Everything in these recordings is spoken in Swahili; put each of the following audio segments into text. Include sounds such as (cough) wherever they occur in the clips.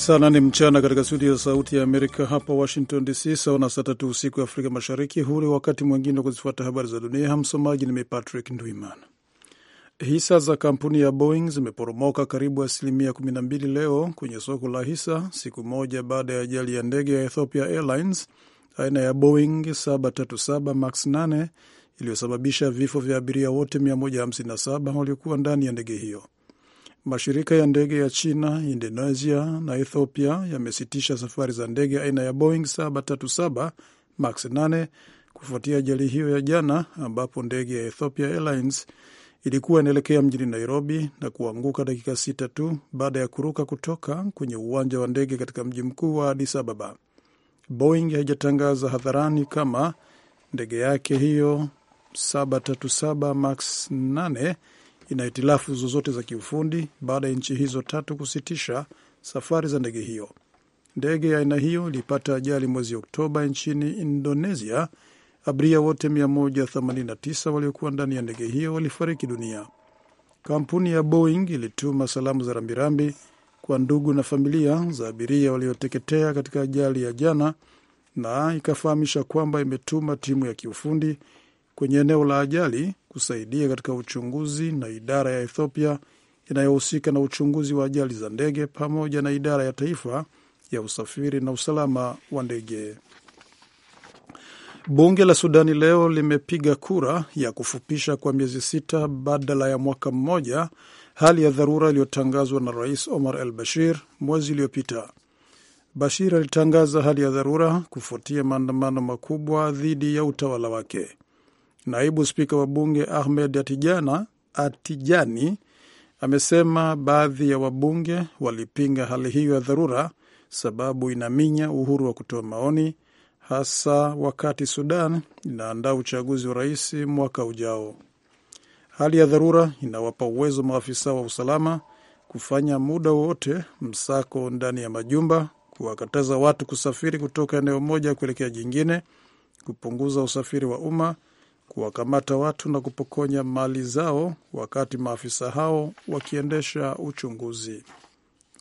sana ni mchana katika studio ya Sauti ya Amerika hapa Washington DC, sawa na saa tatu usiku ya Afrika Mashariki. ni wakati mwingine wa kuzifuata habari za dunia. Msomaji ni mimi Patrick Hisa za kampuni ya Boeing zimeporomoka karibu asilimia 12 leo kwenye soko la hisa, siku moja baada ya ajali ya ndege ya Ethiopia Airlines aina ya Boeing 737 max 8 iliyosababisha vifo vya abiria wote 157 waliokuwa ndani ya ndege hiyo. Mashirika ya ndege ya China, Indonesia na Ethiopia yamesitisha safari za ndege aina ya Boeing 737 max 8 kufuatia ajali hiyo ya jana, ambapo ndege ya Ethiopia Airlines ilikuwa inaelekea mjini Nairobi na kuanguka dakika sita tu baada ya kuruka kutoka kwenye uwanja wa ndege katika mji mkuu wa Addis Ababa. Boeing haijatangaza hadharani kama ndege yake hiyo 737 max 8 ina hitilafu zozote za kiufundi baada ya nchi hizo tatu kusitisha safari za ndege hiyo. Ndege ya aina hiyo ilipata ajali mwezi Oktoba nchini Indonesia. Abiria wote 189 waliokuwa ndani ya ndege hiyo walifariki dunia. Kampuni ya Boeing ilituma salamu za rambirambi kwa ndugu na familia za abiria walioteketea katika ajali ya jana na ikafahamisha kwamba imetuma timu ya kiufundi kwenye eneo la ajali kusaidia katika uchunguzi na idara ya Ethiopia inayohusika na uchunguzi wa ajali za ndege pamoja na idara ya taifa ya usafiri na usalama wa ndege. Bunge la Sudani leo limepiga kura ya kufupisha kwa miezi sita badala ya mwaka mmoja hali ya dharura iliyotangazwa na Rais Omar al Bashir mwezi uliopita. Bashir alitangaza hali ya dharura kufuatia maandamano makubwa dhidi ya utawala wake. Naibu spika wa bunge Ahmed Atijana, Atijani amesema baadhi ya wabunge walipinga hali hiyo ya dharura, sababu inaminya uhuru wa kutoa maoni, hasa wakati Sudan inaandaa uchaguzi wa rais mwaka ujao. Hali ya dharura inawapa uwezo maafisa wa usalama kufanya muda wowote msako ndani ya majumba, kuwakataza watu kusafiri kutoka eneo moja kuelekea jingine, kupunguza usafiri wa umma kuwakamata watu na kupokonya mali zao, wakati maafisa hao wakiendesha uchunguzi.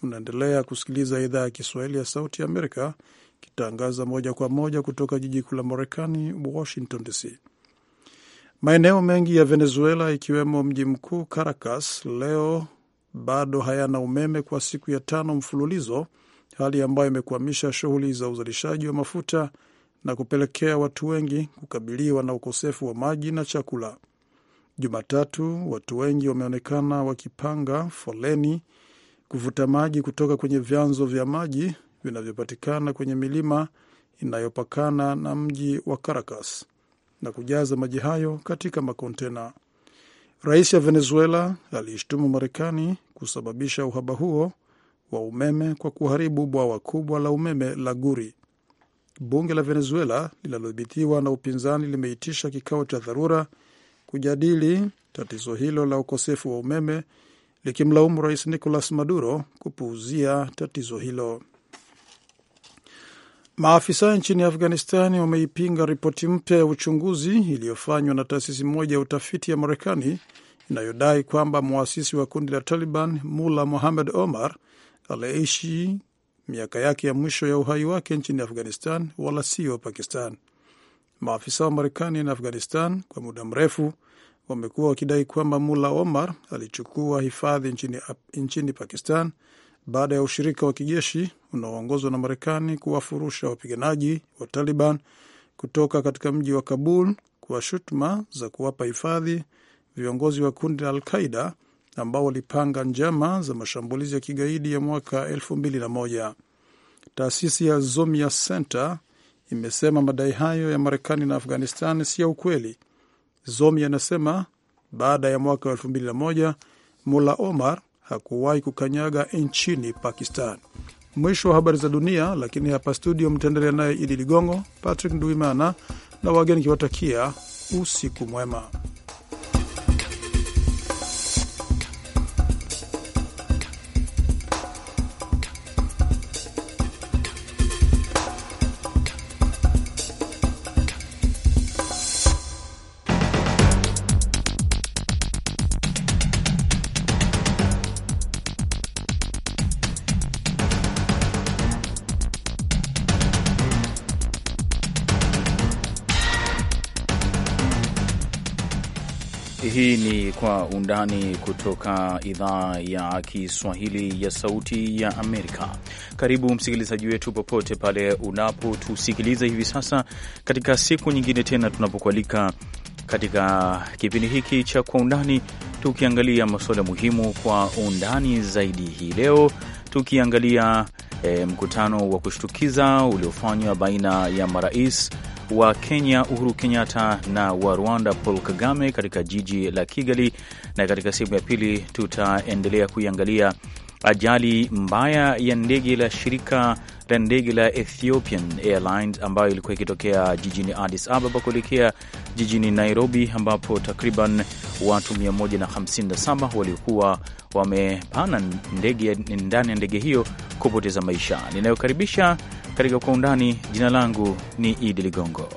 Unaendelea kusikiliza idhaa ya Kiswahili ya Sauti ya Amerika kitangaza moja kwa moja kutoka jiji kuu la Marekani, Washington DC. Maeneo mengi ya Venezuela ikiwemo mji mkuu Caracas leo bado hayana umeme kwa siku ya tano mfululizo, hali ambayo imekwamisha shughuli za uzalishaji wa mafuta na kupelekea watu wengi kukabiliwa na ukosefu wa maji na chakula. Jumatatu, watu wengi wameonekana wakipanga foleni kuvuta maji kutoka kwenye vyanzo vya maji vinavyopatikana kwenye milima inayopakana na mji wa Caracas na kujaza maji hayo katika makontena. Rais wa Venezuela aliishtumu Marekani kusababisha uhaba huo wa umeme kwa kuharibu bwawa kubwa la umeme la Guri bunge la Venezuela linalodhibitiwa na upinzani limeitisha kikao cha dharura kujadili tatizo hilo la ukosefu wa umeme, likimlaumu rais Nicolas Maduro kupuuzia tatizo hilo. Maafisa nchini Afghanistani wameipinga ripoti mpya ya uchunguzi iliyofanywa na taasisi moja ya utafiti ya Marekani inayodai kwamba mwasisi wa kundi la Taliban Mula Mohammed Omar aliishi miaka yake ya mwisho ya uhai wake nchini Afghanistan wala sio Pakistan. Maafisa wa Marekani na Afghanistan kwa muda mrefu wamekuwa wakidai kwamba Mula Omar alichukua hifadhi nchini, nchini Pakistan baada ya ushirika wa kijeshi unaoongozwa na Marekani kuwafurusha wapiganaji wa Taliban kutoka katika mji wa Kabul kwa shutuma za kuwapa hifadhi viongozi wa kundi la Alqaida ambao walipanga njama za mashambulizi ya kigaidi ya mwaka moja. Taasisi ya Zomia Center imesema madai hayo ya Marekani na Afghanistan si ya ukweli. Zomia anasema baada ya mwaka wa elfu mbili na moja Mula Omar hakuwahi kukanyaga nchini Pakistan. Mwisho wa habari za dunia, lakini hapa studio mtaendelea naye Idi Ligongo, Patrick Nduimana na wageni kiwatakia usiku mwema. Kwa Undani kutoka idhaa ya Kiswahili ya Sauti ya Amerika. Karibu msikilizaji wetu popote pale unapotusikiliza hivi sasa, katika siku nyingine tena tunapokualika katika kipindi hiki cha Kwa Undani, tukiangalia masuala muhimu kwa undani zaidi. Hii leo tukiangalia e, mkutano wa kushtukiza uliofanywa baina ya marais wa Kenya Uhuru Kenyatta na wa Rwanda Paul Kagame katika jiji la Kigali, na katika sehemu ya pili tutaendelea kuiangalia ajali mbaya ya ndege la shirika la ndege la Ethiopian Airlines ambayo ilikuwa ikitokea jijini Addis Ababa kuelekea jijini Nairobi, ambapo takriban watu 157 waliokuwa wamepanda ndani ya ndege hiyo kupoteza maisha. Ninayokaribisha katika Kwa Undani. Jina langu ni Idi Ligongo.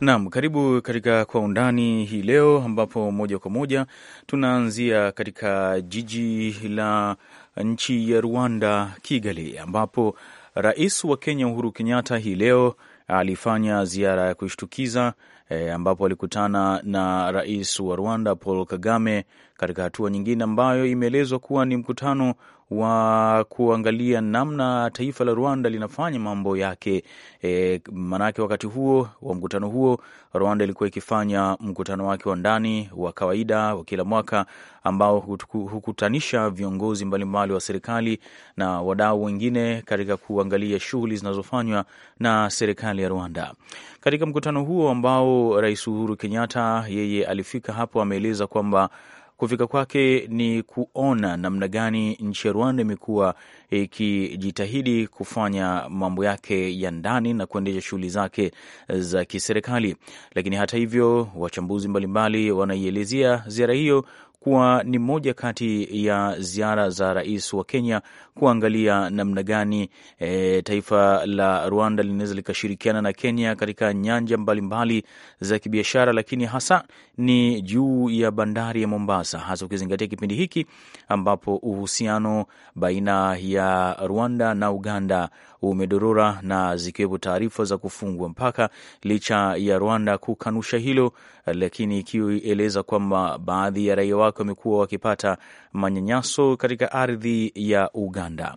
Naam, karibu katika Kwa Undani hii leo, ambapo moja kwa moja tunaanzia katika jiji la nchi ya Rwanda, Kigali, ambapo rais wa Kenya Uhuru Kenyatta hii leo alifanya ziara ya kushtukiza e, ambapo alikutana na rais wa Rwanda Paul Kagame, katika hatua nyingine ambayo imeelezwa kuwa ni mkutano wa kuangalia namna taifa la Rwanda linafanya mambo yake. E, maanake wakati huo wa mkutano huo Rwanda ilikuwa ikifanya mkutano wake wa ndani wa kawaida wa kila mwaka ambao hukutanisha viongozi mbalimbali wa serikali na wadau wengine katika kuangalia shughuli zinazofanywa na serikali ya Rwanda. Katika mkutano huo ambao Rais Uhuru Kenyatta yeye alifika hapo, ameeleza kwamba Kufika kwake ni kuona namna gani nchi ya Rwanda imekuwa ikijitahidi e, kufanya mambo yake ya ndani na kuendesha shughuli zake za kiserikali. Lakini hata hivyo, wachambuzi mbalimbali wanaielezea ziara hiyo kuwa ni moja kati ya ziara za rais wa Kenya kuangalia namna gani e, taifa la Rwanda linaweza likashirikiana na Kenya katika nyanja mbalimbali mbali za kibiashara, lakini hasa ni juu ya bandari ya Mombasa, hasa ukizingatia kipindi hiki ambapo uhusiano baina ya Rwanda na Uganda umedorora na zikiwepo taarifa za kufungwa mpaka, licha ya Rwanda kukanusha hilo, lakini ikieleza kwamba baadhi ya raia wake wamekuwa wakipata manyanyaso katika ardhi ya Uganda. Uganda.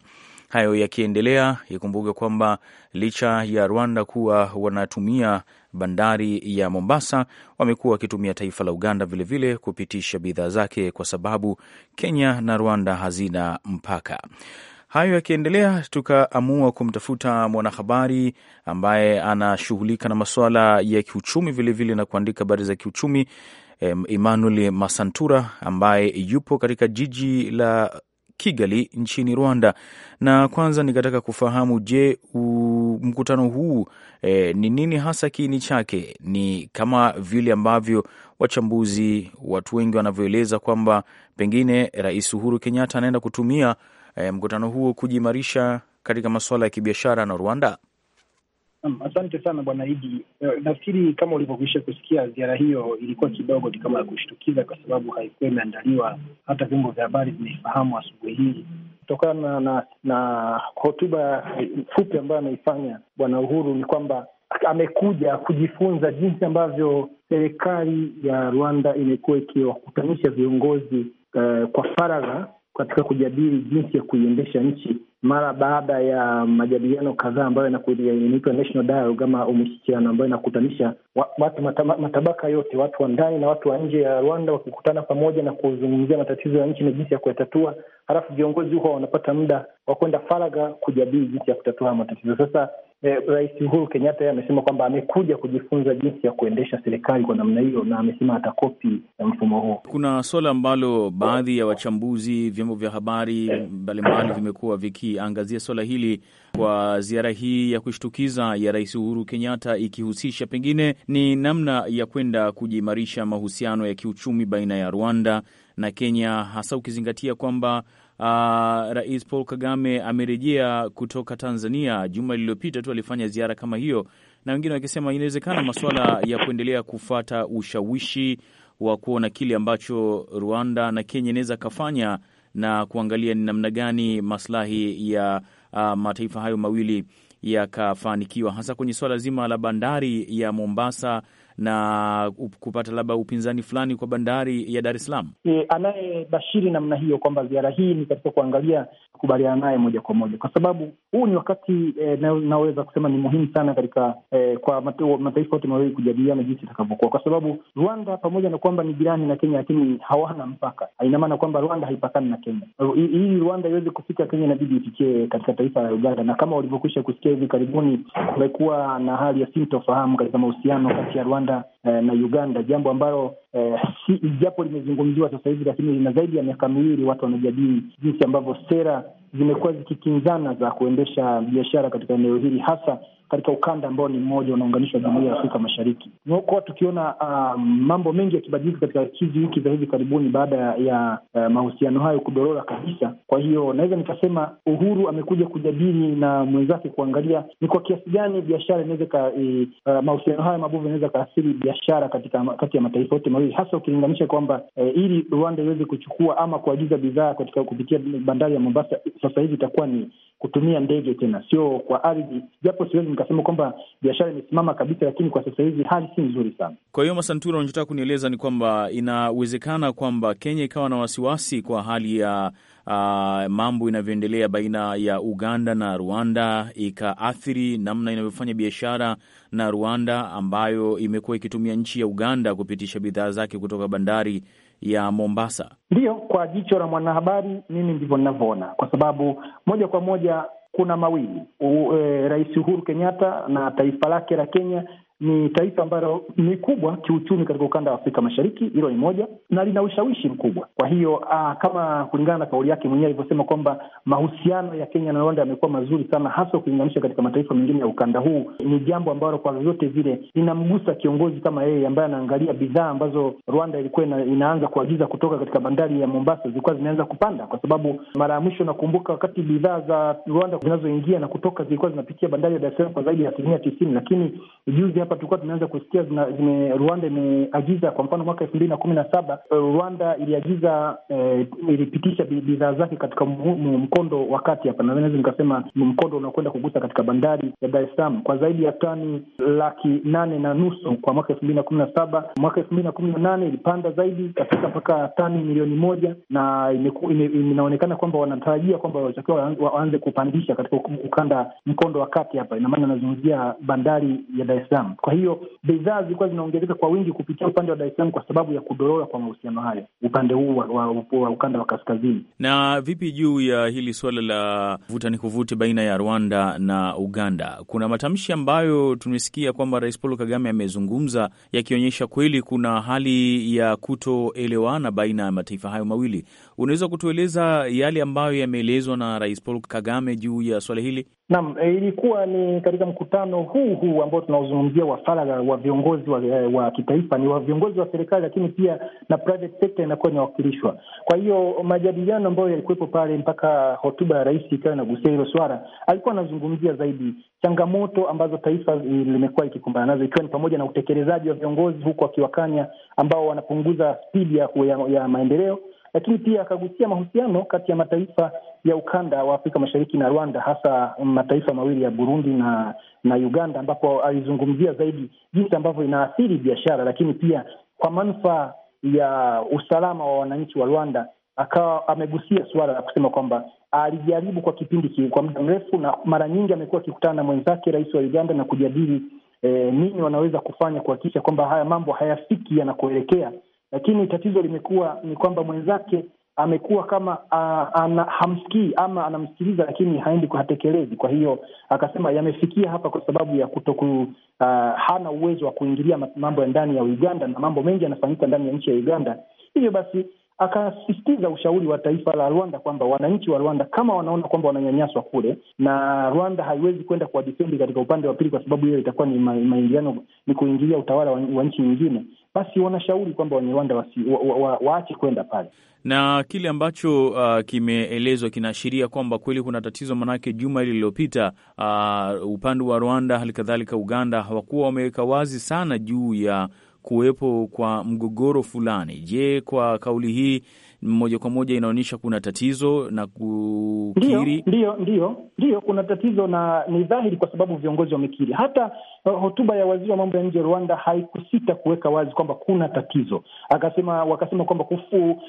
Hayo yakiendelea, ikumbuke kwamba licha ya Rwanda kuwa wanatumia bandari ya Mombasa, wamekuwa wakitumia taifa la Uganda vilevile vile kupitisha bidhaa zake, kwa sababu Kenya na Rwanda hazina mpaka. Hayo yakiendelea, tukaamua kumtafuta mwanahabari ambaye anashughulika na masuala ya kiuchumi vilevile vile na kuandika habari za kiuchumi Emmanuel Masantura ambaye yupo katika jiji la Kigali nchini Rwanda, na kwanza nikataka kufahamu, je, mkutano huu e, ni nini hasa kiini chake? Ni kama vile ambavyo wachambuzi, watu wengi wanavyoeleza kwamba pengine Rais Uhuru Kenyatta anaenda kutumia e, mkutano huo kujiimarisha katika masuala ya kibiashara na Rwanda. Asante sana bwana Idi. Eh, nafikiri kama ulivyokwisha kusikia, ziara hiyo ilikuwa kidogo ni kama ya kushtukiza, kwa sababu haikuwa imeandaliwa. Hata vyombo vya habari vimeifahamu asubuhi hii kutokana na na hotuba fupi ambayo ameifanya bwana Uhuru ni kwamba amekuja kujifunza jinsi ambavyo serikali ya Rwanda imekuwa ikiwakutanisha viongozi uh, kwa faragha katika kujadili jinsi ya kuiendesha nchi mara baada ya majadiliano kadhaa ambayo inaitwa national dialogue ama umishikiano ambayo inakutanisha watu matabaka yote, watu wa ndani na watu wa nje ya Rwanda, wakikutana pamoja na kuzungumzia matatizo ya nchi na jinsi ya kuyatatua. Halafu viongozi huwa wanapata muda wa kwenda faraga kujadili jinsi ya kutatua matatizo. Sasa eh, Rais Uhuru Kenyatta yeye amesema kwamba amekuja kujifunza jinsi ya kuendesha serikali kwa namna hiyo, na amesema atakopi ya eh, mfumo huo. Kuna suala ambalo baadhi ya wachambuzi, vyombo vya habari eh. mbalimbali vimekuwa vikiangazia suala hili kwa ziara hii ya kushtukiza ya Rais Uhuru Kenyatta, ikihusisha pengine ni namna ya kwenda kujiimarisha mahusiano ya kiuchumi baina ya Rwanda na Kenya, hasa ukizingatia kwamba Uh, Rais Paul Kagame amerejea kutoka Tanzania juma lililopita tu, alifanya ziara kama hiyo, na wengine wakisema inawezekana masuala ya kuendelea kufata ushawishi wa kuona kile ambacho Rwanda na Kenya inaweza kafanya na kuangalia ni namna gani maslahi ya uh, mataifa hayo mawili yakafanikiwa hasa kwenye suala zima la bandari ya Mombasa na kupata labda upinzani fulani kwa bandari ya Dar es Salaam? E, anayebashiri namna hiyo kwamba ziara hii ni katika kuangalia kukubaliana naye moja kwa moja, kwa sababu huu ni wakati e, naweza kusema ni muhimu sana katika e, kwa mataifa yote mawili kujadiliana jinsi itakavyokuwa, kwa sababu Rwanda pamoja na kwamba ni jirani na Kenya, lakini hawana mpaka. Ina maana kwamba Rwanda haipakani na Kenya. Ili Rwanda iweze kufika Kenya inabidi ifikie katika taifa la Uganda, na kama walivyokwisha kusikia hivi karibuni, kumekuwa na hali ya sintofahamu katika mahusiano kati ya Rwanda Rwanda eh, na Uganda, jambo ambalo eh, si ijapo limezungumziwa sasa hivi, lakini lina zaidi ya miaka miwili watu wanajadili jinsi ambavyo sera zimekuwa zikikinzana za kuendesha biashara katika eneo hili hasa katika ukanda ambao ni mmoja unaunganishwa jumuia ya Afrika Mashariki. Tumekuwa tukiona uh, mambo mengi yakibadilika katika hizi wiki za hivi karibuni baada ya uh, mahusiano hayo kudorora kabisa. Kwa hiyo naweza nikasema Uhuru amekuja kujadili na mwenzake kuangalia ni kwa kiasi gani biashara inaweza uh, mahusiano hayo mabovu yanaweza kaathiri biashara katika kati ya mataifa yote mawili, hasa ukilinganisha kwamba uh, ili Rwanda iweze kuchukua ama kuagiza bidhaa katika kupitia bandari ya Mombasa sasa hivi itakuwa ni kutumia ndege tena, sio kwa ardhi, japo siwezi nikasema kwamba biashara imesimama kabisa, lakini kwa sasa hivi hali si nzuri sana. Kwa hiyo Masantura, unachotaka kunieleza ni kwamba inawezekana kwamba Kenya ikawa na wasiwasi kwa hali ya uh, mambo inavyoendelea baina ya Uganda na Rwanda, ikaathiri namna inavyofanya biashara na Rwanda ambayo imekuwa ikitumia nchi ya Uganda kupitisha bidhaa zake kutoka bandari ya Mombasa? Ndiyo, kwa jicho la mwanahabari mimi ndivyo ninavyoona, kwa sababu moja kwa moja kuna mawili e, Rais Uhuru Kenyatta na taifa lake la Kenya ni taifa ambalo ni kubwa kiuchumi katika ukanda wa Afrika Mashariki, hilo ni moja, na lina ushawishi mkubwa. Kwa hiyo aa, ah, kama kulingana na kauli yake mwenyewe alivyosema kwamba mahusiano ya Kenya na Rwanda yamekuwa mazuri sana, hasa ukilinganisha katika mataifa mengine ya ukanda huu, ni jambo ambalo kwa vyovyote vile linamgusa kiongozi kama yeye ambaye anaangalia bidhaa ambazo Rwanda ilikuwa ina, inaanza kuagiza kutoka katika bandari ya Mombasa zilikuwa zinaanza kupanda, kwa sababu mara ya mwisho nakumbuka wakati bidhaa za Rwanda zinazoingia na kutoka zilikuwa zinapitia bandari ya Dar es Salaam kwa zaidi ya asilimia tisini, lakini juzi hapa tulikuwa tumeanza kusikia zina, zime, Rwanda imeagiza kwa mfano mwaka elfu mbili na kumi na saba eh, Rwanda iliagiza eh, ilipitisha bidhaa zake katika mkondo wa kati hapa, naweza nikasema mkondo unaokwenda kugusa katika bandari ya Dar es Salaam kwa zaidi ya tani laki nane na nusu kwa mwaka elfu mbili na kumi na saba Mwaka elfu mbili na kumi na nane ilipanda zaidi ikafika mpaka tani milioni moja na inaonekana kwamba wanatarajia kwamba watakiwa waanze kupandisha katika ukanda mkondo wa kati hapa, ina maana anazungumzia bandari ya Dar es Salaam. Kwa hiyo bidhaa zilikuwa zinaongezeka kwa wingi kupitia upande wa Dar es Salaam kwa sababu ya kudorora kwa mahusiano hayo upande huu wa, wa, wa ukanda wa kaskazini. Na vipi juu ya hili suala la vuta ni kuvute baina ya Rwanda na Uganda? Kuna matamshi ambayo tumesikia kwamba Rais Paul Kagame amezungumza yakionyesha kweli kuna hali ya kutoelewana baina ya mataifa hayo mawili. Unaweza kutueleza yale ambayo yameelezwa na Rais Paul Kagame juu ya swala hili? Naam, eh, ilikuwa ni katika mkutano huu huu ambao tunaozungumzia wa faragha wa viongozi wa, eh, wa kitaifa, ni wa viongozi wa serikali, lakini pia na private sector inakuwa inawakilishwa. Kwa hiyo majadiliano ambayo yalikuwepo pale mpaka hotuba ya rais ikawa inagusia hilo swala, alikuwa anazungumzia zaidi changamoto ambazo taifa limekuwa ikikumbana nazo, ikiwa ni pamoja na utekelezaji wa viongozi, huku akiwakanya ambao wanapunguza spidi ya, ya, ya maendeleo lakini pia akagusia mahusiano kati ya mataifa ya ukanda wa Afrika Mashariki na Rwanda, hasa mataifa mawili ya Burundi na na Uganda, ambapo alizungumzia zaidi jinsi ambavyo inaathiri biashara, lakini pia kwa manufaa ya usalama wa wananchi wa Rwanda. Akawa amegusia suala la kusema kwamba alijaribu kwa kipindi kwa muda mrefu na mara nyingi amekuwa akikutana na mwenzake rais wa Uganda na kujadili eh, nini wanaweza kufanya kuhakikisha kwamba haya mambo hayafiki yanakoelekea lakini tatizo limekuwa ni kwamba mwenzake amekuwa kama uh, ana, hamsikii ama anamsikiliza lakini haendi hatekelezi. Kwa hiyo akasema yamefikia hapa kwa sababu ya kutoku, uh, hana uwezo wa kuingilia mambo ya ndani ya Uganda, na mambo mengi yanafanyika ndani ya nchi ya Uganda. Hivyo basi akasisitiza ushauri wa taifa la Rwanda kwamba wananchi wa Rwanda kama wanaona kwamba wananyanyaswa kule na Rwanda haiwezi kwenda kuwadifendi katika upande wa pili, kwa sababu hiyo itakuwa ni maingiliano, ni kuingilia utawala wa, wa nchi nyingine, basi wanashauri kwamba Wanyarwanda waache wa, wa, kwenda pale na kile ambacho uh, kimeelezwa kinaashiria kwamba kweli kuna tatizo, manake juma lililopita uh, upande wa Rwanda halikadhalika Uganda hawakuwa wameweka wazi sana juu ya kuwepo kwa mgogoro fulani. Je, kwa kauli hii moja kwa moja inaonyesha kuna tatizo na kukiri? Ndio, ndio, ndio, kuna tatizo na ni dhahiri, kwa sababu viongozi wamekiri hata Eh, hotuba ya waziri wa mambo ya nje Rwanda haikusita kuweka wazi kwamba kuna tatizo. Akasema wakasema kwamba kufu,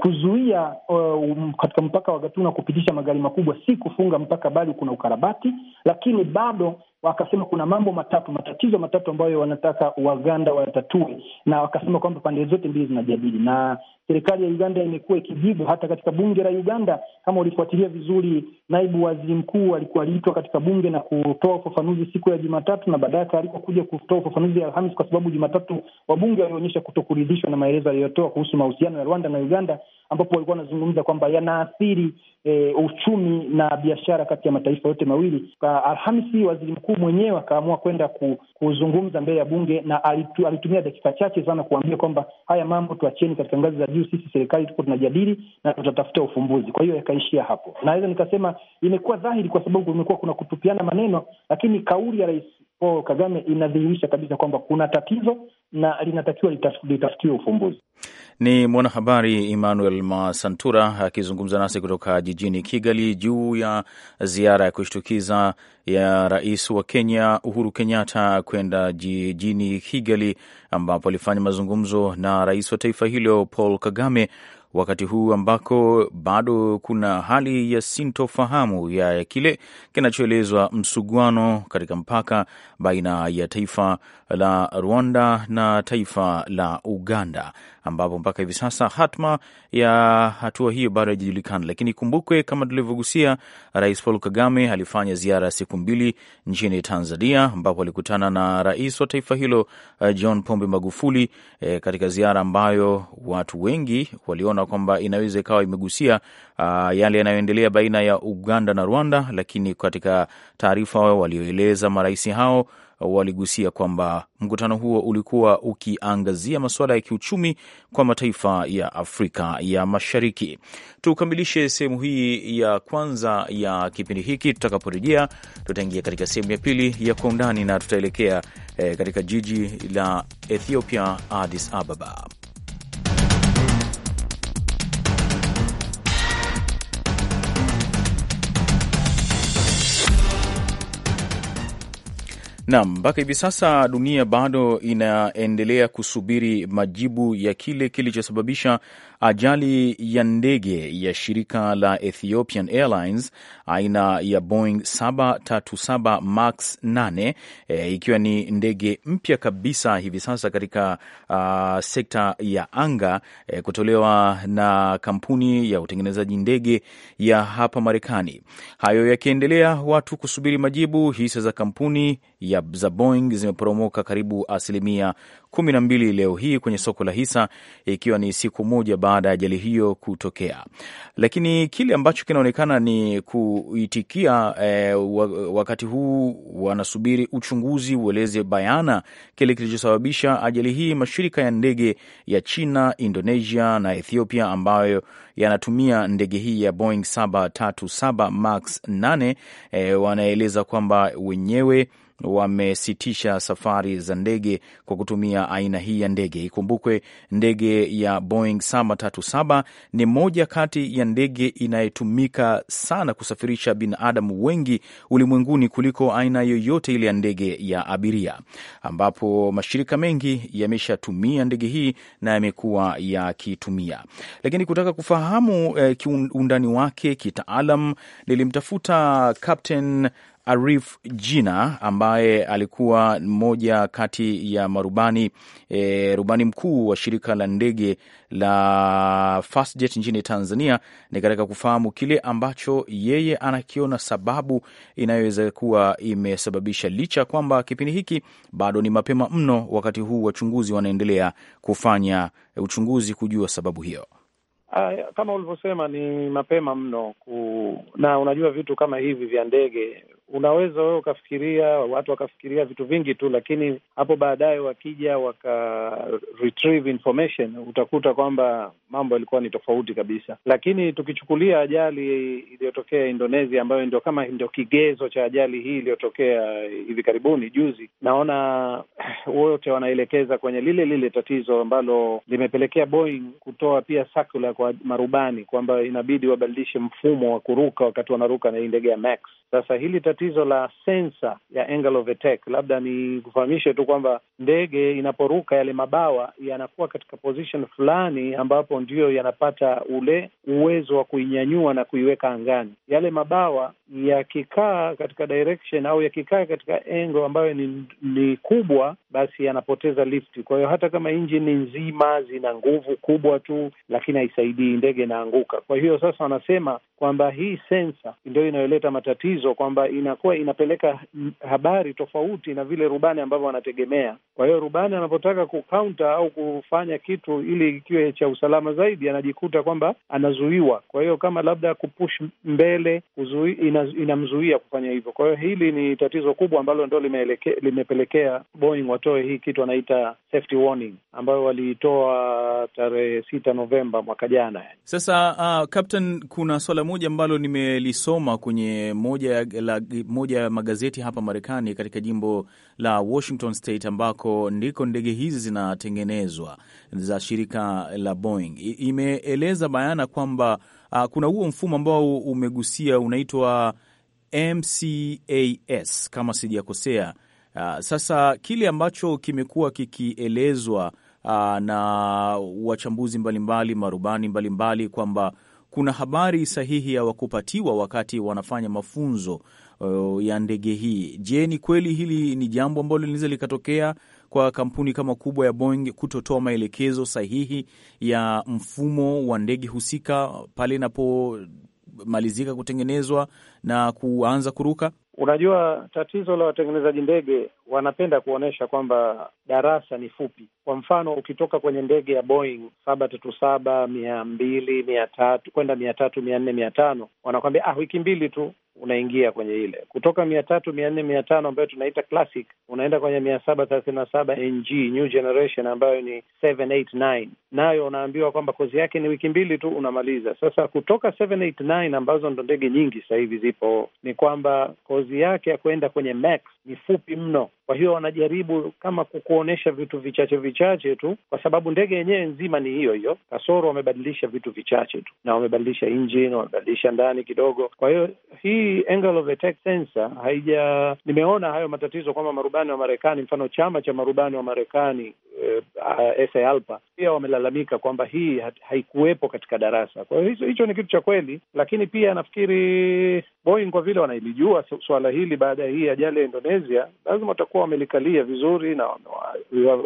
kuzuia eh, um, katika mpaka wa Gatuna kupitisha magari makubwa si kufunga mpaka, bali kuna ukarabati, lakini bado wakasema kuna mambo matatu matatizo matatu ambayo wanataka Waganda watatue, na wakasema kwamba pande zote mbili zinajadili, na serikali ya Uganda imekuwa ikijibu. Hata katika bunge la Uganda, kama ulifuatilia vizuri, naibu waziri mkuu alikuwa aliitwa katika bunge na kutoa ufafanuzi siku ya Jumatatu na baadaye ataarikwa kuja kutoa ufafanuzi Alhamis kwa sababu Jumatatu wabunge walionyesha kutokuridhishwa na maelezo aliyotoa kuhusu mahusiano ya Rwanda na Uganda, ambapo walikuwa wanazungumza kwamba yanaathiri e, uchumi na biashara kati ya mataifa yote mawili. Alhamisi waziri mkuu mwenyewe akaamua kwenda ku, kuzungumza mbele ya bunge na alitu, alitumia dakika chache sana kuambia kwamba haya mambo tuacheni katika ngazi za juu, sisi serikali tuko tunajadili na tutatafuta ufumbuzi. Kwa hiyo yakaishia hapo. Naweza nikasema imekuwa dhahiri, kwa sababu kumekuwa kuna kutupiana maneno, lakini kauli ya rais kwao Kagame inadhihirisha kabisa kwamba kuna tatizo na linatakiwa litafutiwe ufumbuzi. Ni mwanahabari Emmanuel Masantura akizungumza nasi kutoka jijini Kigali juu ya ziara ya kushtukiza ya rais wa Kenya Uhuru Kenyatta kwenda jijini Kigali ambapo alifanya mazungumzo na rais wa taifa hilo Paul Kagame wakati huu ambako bado kuna hali ya sintofahamu ya kile kinachoelezwa msuguano katika mpaka baina ya taifa la Rwanda na taifa la Uganda ambapo mpaka hivi sasa hatma ya hatua hiyo bado haijajulikana. Lakini kumbukwe, kama tulivyogusia, Rais Paul Kagame alifanya ziara ya siku mbili nchini Tanzania, ambapo alikutana na rais wa taifa hilo eh, John Pombe Magufuli e, katika ziara ambayo watu wengi waliona kwamba inaweza ikawa imegusia a, eh, yale yanayoendelea baina ya Uganda na Rwanda, lakini katika taarifa walioeleza marais hao waligusia kwamba mkutano huo ulikuwa ukiangazia masuala ya kiuchumi kwa mataifa ya Afrika ya Mashariki. Tukamilishe sehemu hii ya kwanza ya kipindi hiki. Tutakaporejea tutaingia katika sehemu ya pili ya Kwa Undani na tutaelekea eh, katika jiji la Ethiopia, Addis Ababa. Naam, mpaka hivi sasa dunia bado inaendelea kusubiri majibu ya kile kilichosababisha ajali ya ndege ya shirika la Ethiopian Airlines aina ya Boeing 737 Max 8 e, ikiwa ni ndege mpya kabisa hivi sasa katika uh, sekta ya anga e, kutolewa na kampuni ya utengenezaji ndege ya hapa Marekani. Hayo yakiendelea, watu kusubiri majibu, hisa za kampuni ya za Boeing zimeporomoka karibu asilimia kumi na mbili leo hii kwenye soko la hisa, ikiwa ni siku moja baada ya ajali hiyo kutokea. Lakini kile ambacho kinaonekana ni kuitikia eh, wakati huu wanasubiri uchunguzi ueleze bayana kile kilichosababisha ajali hii. Mashirika ya ndege ya China, Indonesia na Ethiopia ambayo yanatumia ndege hii ya Boeing 737 Max 8 eh, wanaeleza kwamba wenyewe wamesitisha safari za ndege kwa kutumia aina hii ya ndege. Ikumbukwe ndege ya Boeing 737 ni moja kati ya ndege inayetumika sana kusafirisha binadamu wengi ulimwenguni kuliko aina yoyote ile ya ndege ya abiria, ambapo mashirika mengi yameshatumia ndege hii na yamekuwa yakitumia, lakini kutaka kufahamu eh, kiundani wake kitaalam nilimtafuta Captain Arif Jina ambaye alikuwa mmoja kati ya marubani e, rubani mkuu wa shirika la ndege la Fastjet nchini Tanzania, ni katika kufahamu kile ambacho yeye anakiona sababu inayoweza kuwa imesababisha, licha ya kwamba kipindi hiki bado ni mapema mno, wakati huu wachunguzi wanaendelea kufanya uchunguzi kujua sababu hiyo. Ah, kama ulivyosema ni mapema mno ku... na unajua vitu kama hivi vya ndege unaweza wewe ukafikiria, watu wakafikiria vitu vingi tu, lakini hapo baadaye wakija waka retrieve information utakuta kwamba mambo yalikuwa ni tofauti kabisa. Lakini tukichukulia ajali iliyotokea Indonesia, ambayo ndio kama ndio kigezo cha ajali hii iliyotokea hivi karibuni juzi, naona (clears throat) wote wanaelekeza kwenye lile lile tatizo ambalo limepelekea Boeing kutoa pia sakula kwa marubani kwamba inabidi wabadilishe mfumo wa kuruka wakati wanaruka na hii ndege ya Max. Sasa hili tatizo la sensa ya Englovetek. Labda nikufahamishe tu kwamba ndege inaporuka yale mabawa yanakuwa katika position fulani ambapo ndiyo yanapata ule uwezo wa kuinyanyua na kuiweka angani. Yale mabawa yakikaa katika direction au yakikaa katika engo ambayo ni, ni kubwa, basi yanapoteza lifti. Kwa hiyo hata kama injini nzima zina nguvu kubwa tu, lakini haisaidii, ndege inaanguka. Kwa hiyo sasa wanasema kwamba hii sensa ndio inayoleta matatizo kwamba inakuwa inapeleka habari tofauti na vile rubani ambavyo wanategemea. Kwa hiyo rubani anapotaka kukaunta au kufanya kitu ili ikiwe cha usalama zaidi, anajikuta kwamba anazuiwa. Kwa hiyo kama labda kupush mbele kuzui, inamzuia kufanya hivyo. Kwa hiyo hili ni tatizo kubwa ambalo ndo limepelekea Boeing watoe hii kitu wanaita safety warning ambayo waliitoa tarehe sita Novemba mwaka jana. Sasa uh, Captain, kuna swala moja ambalo nimelisoma kwenye moja la moja ya magazeti hapa Marekani, katika jimbo la Washington State ambako ndiko ndege hizi zinatengenezwa za shirika la Boeing, imeeleza bayana kwamba uh, kuna huo mfumo ambao umegusia unaitwa MCAS kama sijakosea. Uh, sasa kile ambacho kimekuwa kikielezwa uh, na wachambuzi mbalimbali mbali, marubani mbalimbali kwamba kuna habari sahihi wakupatiwa wakati wanafanya mafunzo uh, ya ndege hii. Je, ni kweli hili ni jambo ambalo linaweza likatokea kwa kampuni kama kubwa ya Boeing kutotoa maelekezo sahihi ya mfumo wa ndege husika pale inapomalizika kutengenezwa na kuanza kuruka? Unajua, tatizo la watengenezaji ndege wanapenda kuonyesha kwamba darasa ni fupi. Kwa mfano, ukitoka kwenye ndege ya Boeing saba tatu saba mia mbili mia tatu kwenda mia tatu mia nne mia tano wanakwambia ah, wiki mbili tu unaingia kwenye ile kutoka mia tatu mia nne mia tano ambayo tunaita classic, unaenda kwenye mia saba thelathini na saba NG new generation ambayo ni 789 nayo unaambiwa kwamba kozi yake ni wiki mbili tu unamaliza. Sasa kutoka 789 ambazo ndo ndege nyingi sasa hivi zipo, ni kwamba kozi yake ya kuenda kwenye max ni fupi mno, kwa hiyo wanajaribu kama kukuonyesha vitu vichache vichache tu, kwa sababu ndege yenyewe nzima ni hiyo hiyo, kasoro wamebadilisha vitu vichache tu, na wamebadilisha engine, wamebadilisha ndani kidogo. Kwa hiyo hii angle of attack sensor haija, nimeona hayo matatizo kwamba marubani wa Marekani, mfano chama cha marubani wa Marekani eh, SAALPA pia wamelalamika kwamba hii haikuwepo katika darasa. Kwa hiyo hicho ni kitu cha kweli, lakini pia nafikiri Boeing kwa vile wanailijua suala hili baada ya hii ajali ya Indonesia, lazima hawakuwa wamelikalia vizuri na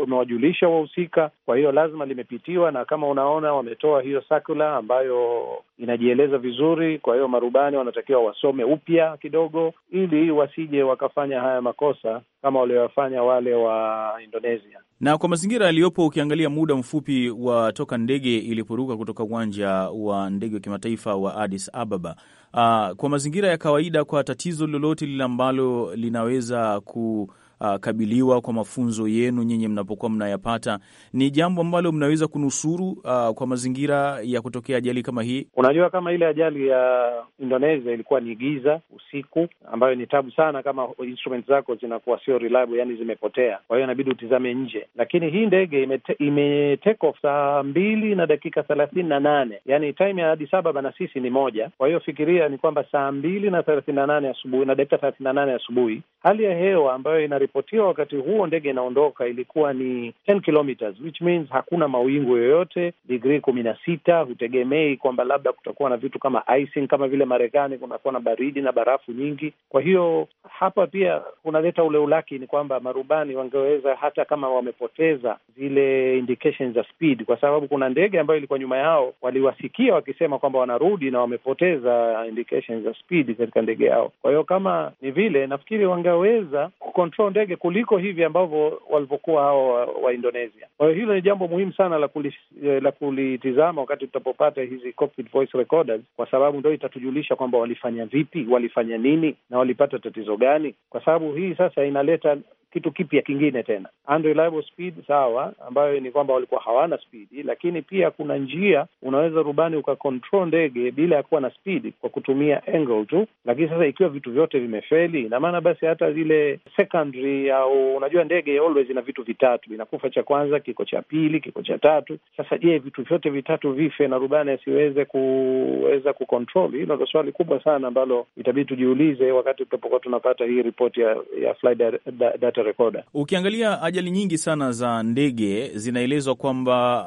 wamewajulisha wahusika. Kwa hiyo lazima limepitiwa, na kama unaona wametoa hiyo sakula ambayo inajieleza vizuri. Kwa hiyo marubani wanatakiwa wasome upya kidogo, ili wasije wakafanya haya makosa kama walioyafanya wale wa Indonesia. Na kwa mazingira yaliyopo, ukiangalia muda mfupi wa toka ndege iliporuka kutoka uwanja wa ndege wa kimataifa wa Addis Ababa, uh, kwa mazingira ya kawaida, kwa tatizo lolote lile ambalo linaweza ku uh, kabiliwa kwa mafunzo yenu nyinyi mnapokuwa mnayapata, ni jambo ambalo mnaweza kunusuru uh, kwa mazingira ya kutokea ajali kama hii? Unajua, kama ile ajali ya Indonesia ilikuwa ni giza usiku, ambayo ni tabu sana kama instrument zako zinakuwa sio reliable, yani zimepotea, kwa hiyo inabidi utizame nje. Lakini hii ndege ime, ime take off saa mbili na dakika thelathini na nane yani time ya Addis Ababa na sisi ni moja, kwa hiyo fikiria ni kwamba saa mbili na thelathini na nane asubuhi na dakika thelathini na nane asubuhi hali ya hewa ambayo ina iliripotiwa wakati huo ndege inaondoka ilikuwa ni 10 kilometers, which means hakuna mawingu yoyote, digrii kumi na sita. Hutegemei kwamba labda kutakuwa na vitu kama icing kama vile Marekani kunakuwa na baridi na barafu nyingi. Kwa hiyo hapa pia kunaleta ule ulaki, ni kwamba marubani wangeweza hata kama wamepoteza zile indications za speed, kwa sababu kuna ndege ambayo ilikuwa nyuma yao, waliwasikia wakisema kwamba wanarudi na wamepoteza indications za speed katika ndege yao. Kwa hiyo kama ni vile, nafikiri wangeweza kucontrol ndege kuliko hivi ambavyo walivyokuwa hao wa Indonesia. Kwa hiyo hilo ni jambo muhimu sana la eh, la kulitizama wakati tutapopata hizi cockpit voice recorders, kwa sababu ndo itatujulisha kwamba walifanya vipi, walifanya nini na walipata tatizo gani, kwa sababu hii sasa inaleta kitu kipya kingine tena. Unreliable speed sawa, ambayo ni kwamba walikuwa hawana spidi, lakini pia kuna njia unaweza rubani ukakontrol ndege bila ya kuwa na spidi kwa kutumia angle tu. Lakini sasa ikiwa vitu vyote vimefeli, ina maana basi hata zile secondary au unajua, ndege always ina vitu vitatu, inakufa cha kwanza, kiko cha pili, kiko cha tatu. Sasa je, vitu vyote vitatu vife na rubani asiweze kuweza kucontrol? Hilo ndo swali kubwa sana ambalo itabidi tujiulize wakati tutapokuwa tunapata hii ripoti ya, ya data rekoda. Ukiangalia ajali nyingi sana za ndege zinaelezwa kwamba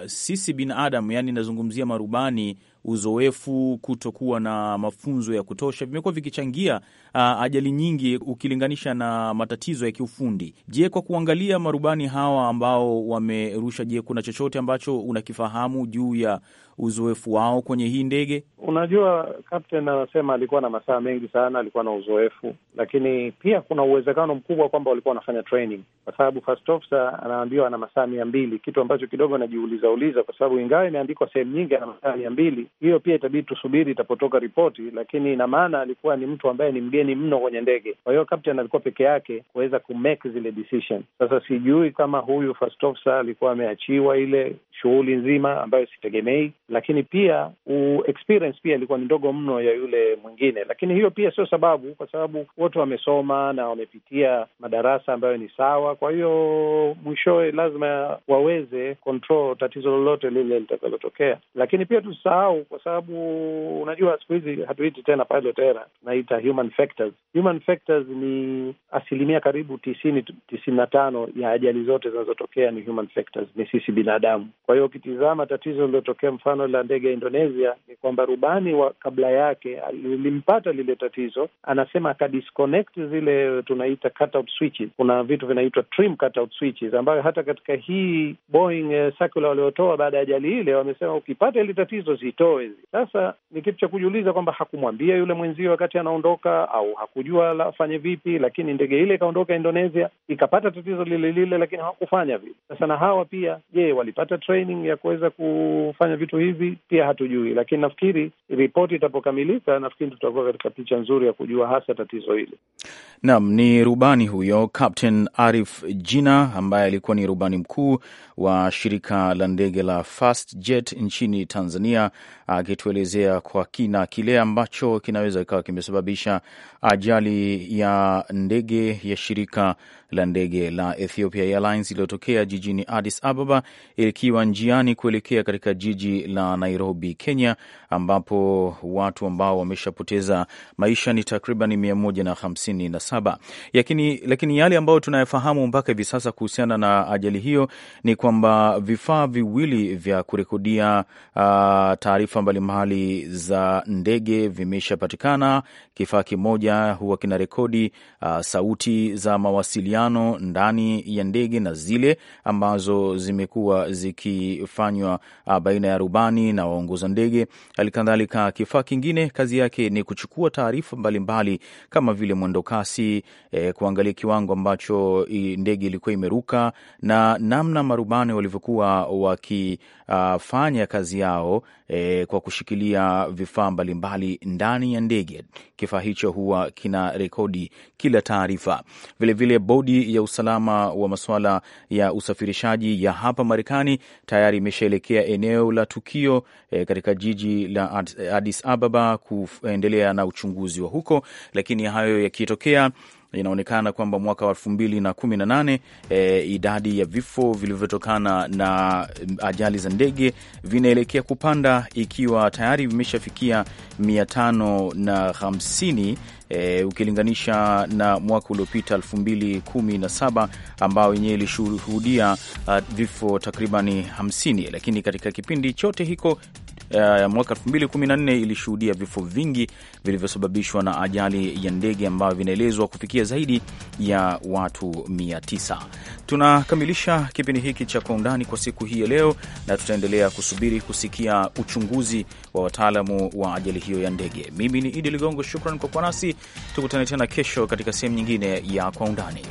uh, sisi binadamu, yani nazungumzia marubani uzoefu, kutokuwa na mafunzo ya kutosha, vimekuwa vikichangia uh, ajali nyingi ukilinganisha na matatizo ya kiufundi. Je, kwa kuangalia marubani hawa ambao wamerusha, je, kuna chochote ambacho unakifahamu juu ya uzoefu wao kwenye hii ndege? Unajua, kapten anasema alikuwa na masaa mengi sana, alikuwa na uzoefu, lakini pia kuna uwezekano mkubwa kwamba walikuwa wanafanya training, kwa sababu first officer anaambiwa ana masaa mia mbili, kitu ambacho kidogo anajiulizauliza kwa sababu ingawa imeandikwa sehemu nyingi ana masaa mia mbili hiyo pia itabidi tusubiri itapotoka ripoti, lakini ina maana alikuwa ni mtu ambaye ni mgeni mno kwenye ndege. Kwa hiyo captain alikuwa peke yake kuweza kumake zile decision. Sasa sijui kama huyu first officer alikuwa ameachiwa ile shughuli nzima ambayo sitegemei, lakini pia u experience pia ilikuwa ni ndogo mno ya yule mwingine, lakini hiyo pia sio sababu, kwa sababu wote wamesoma na wamepitia madarasa ambayo ni sawa. Kwa hiyo mwishowe lazima waweze control tatizo lolote lile litakalotokea, lakini pia tusahau kwa sababu unajua siku hizi hatuiti tena pilot error, tunaita human factors. Human factors ni asilimia karibu tisini tisini na tano ya ajali zote zinazotokea ni human factors, ni sisi binadamu. Kwa hiyo ukitizama tatizo lililotokea mfano la ndege ya Indonesia ni kwamba rubani wa kabla yake lilimpata lile tatizo, anasema akadisconnect zile tunaita cutout switches. Kuna vitu vinaitwa trim cutout switches ambayo hata katika hii Boeing eh, circular waliotoa baada ya ajali ile wamesema ukipata hili tatizo zito mazoezi. Sasa ni kitu cha kujiuliza kwamba hakumwambia yule mwenzio wakati anaondoka, au hakujua afanye vipi, lakini ndege ile ikaondoka Indonesia ikapata tatizo lile lile, lakini hawakufanya vile. Sasa na hawa pia, je, walipata training ya kuweza kufanya vitu hivi? Pia hatujui, lakini nafikiri ripoti itapokamilika, nafikiri tutakuwa katika picha nzuri ya kujua hasa tatizo hili. Naam, ni rubani huyo Captain Arif Jina ambaye alikuwa ni rubani mkuu wa shirika la ndege la Jet nchini Tanzania akituelezea kwa kina kile ambacho kinaweza kikawa kimesababisha ajali ya ndege ya shirika la ndege la Ethiopia Airlines iliyotokea jijini Addis Ababa ikiwa njiani kuelekea katika jiji la Nairobi, Kenya, ambapo watu ambao wameshapoteza maisha ni takriban mia moja na hamsini na saba. Lakini, lakini yale ambayo tunayafahamu mpaka hivi sasa kuhusiana na ajali hiyo ni kwamba vifaa viwili vya kurekodia uh, taarifa mbalimbali za ndege vimeshapatikana Kifaa kimoja huwa kina rekodi uh, sauti za mawasiliano ndani ya ndege na zile ambazo zimekuwa zikifanywa uh, baina ya rubani na waongoza ndege. Halikadhalika, kifaa kingine kazi yake ni kuchukua taarifa mbalimbali kama vile mwendokasi eh, kuangalia kiwango ambacho ndege ilikuwa imeruka na namna marubani walivyokuwa wakifanya uh, kazi yao e, kwa kushikilia vifaa mbalimbali ndani ya ndege. Kifaa hicho huwa kina rekodi kila taarifa. Vilevile, bodi ya usalama wa masuala ya usafirishaji ya hapa Marekani tayari imeshaelekea eneo la tukio e, katika jiji la Addis Ababa kuendelea na uchunguzi wa huko, lakini hayo yakitokea inaonekana kwamba mwaka wa 218 e, eh, idadi ya vifo vilivyotokana na mm, ajali za ndege vinaelekea kupanda ikiwa tayari vimeshafikia 550 e, eh, ukilinganisha na mwaka uliopita 217 ambao yenyewe ilishuhudia ah, vifo takribani 50 lakini katika kipindi chote hiko Eh, ya mwaka 2014 ilishuhudia vifo vingi vilivyosababishwa na ajali ya ndege ambayo vinaelezwa kufikia zaidi ya watu 900. Tunakamilisha kipindi hiki cha Kwa Undani kwa siku hii ya leo, na tutaendelea kusubiri kusikia uchunguzi wa wataalamu wa ajali hiyo ya ndege. Mimi ni Idi Ligongo, shukran kwa kuwa nasi. Tukutane tena kesho katika sehemu nyingine ya Kwa Undani.